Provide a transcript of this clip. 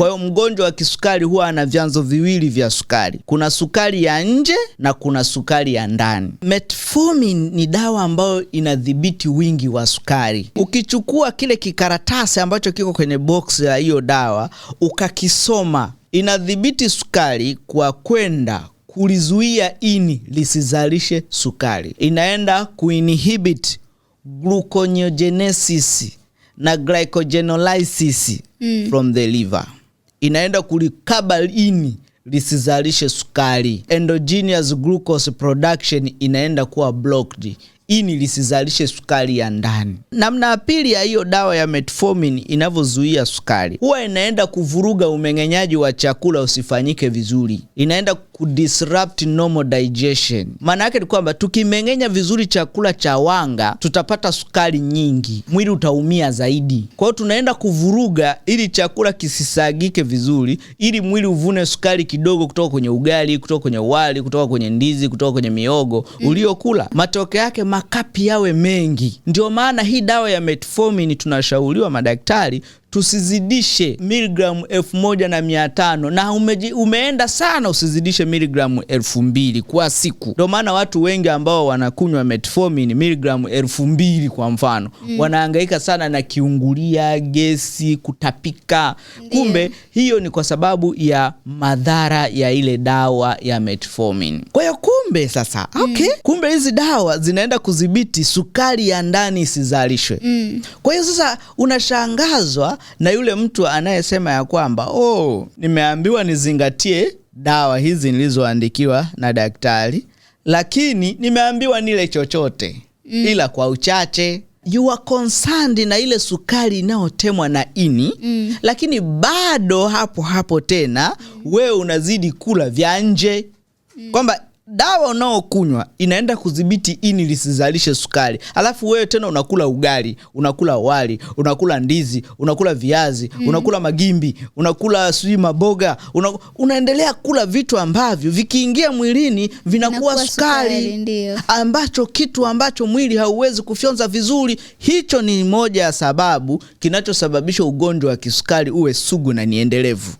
Kwa hiyo mgonjwa wa kisukari huwa ana vyanzo viwili vya sukari, kuna sukari ya nje na kuna sukari ya ndani. Metformin ni dawa ambayo inadhibiti wingi wa sukari. Ukichukua kile kikaratasi ambacho kiko kwenye box ya hiyo dawa ukakisoma, inadhibiti sukari kwa kwenda kulizuia ini lisizalishe sukari, inaenda kuinhibit gluconeogenesis na glycogenolysis mm, from the liver inaenda kulikaba ini lisizalishe sukari. Endogenous glucose production inaenda kuwa blocked ini lisizalishe sukari ya ndani. Namna ya pili ya hiyo dawa ya metformin inavyozuia sukari, huwa inaenda kuvuruga umeng'enyaji wa chakula usifanyike vizuri, inaenda kudisrupt normal digestion. Maana yake ni kwamba tukimeng'enya vizuri chakula cha wanga, tutapata sukari nyingi, mwili utaumia zaidi. Kwa hiyo tunaenda kuvuruga ili chakula kisisagike vizuri, ili mwili uvune sukari kidogo kutoka kwenye ugali, kutoka kwenye wali, kutoka kwenye ndizi, kutoka kwenye miogo mm, uliokula. Matokeo yake makapi yawe mengi. Ndio maana hii dawa ya metformin tunashauriwa madaktari tusizidishe miligramu elfu moja na mia tano na umeji, umeenda sana, usizidishe miligramu elfu mbili kwa siku. Ndio maana watu wengi ambao wanakunywa metformin miligramu elfu mbili kwa mfano mm. wanaangaika sana na kiungulia, gesi, kutapika. Kumbe hiyo ni kwa sababu ya madhara ya ile dawa ya metformin. Kwa hiyo kumbe sasa mm. Okay, kumbe hizi dawa zinaenda kudhibiti sukari ya ndani isizalishwe mm. Kwa hiyo sasa unashangazwa na yule mtu anayesema ya kwamba oh, nimeambiwa nizingatie dawa hizi nilizoandikiwa na daktari, lakini nimeambiwa nile chochote mm. ila kwa uchache you are concerned na ile sukari inayotemwa na ini mm. lakini bado hapo hapo tena mm. wewe unazidi kula vya nje mm. kwamba dawa unaokunywa inaenda kudhibiti ini lisizalishe sukari, alafu wewe tena unakula ugali, unakula wali, unakula ndizi, unakula viazi mm. unakula magimbi, unakula sijui maboga, una, unaendelea kula vitu ambavyo vikiingia mwilini vinakuwa sukari, ambacho kitu ambacho mwili hauwezi kufyonza vizuri. Hicho ni moja ya sababu kinachosababisha ugonjwa wa kisukari uwe sugu na niendelevu.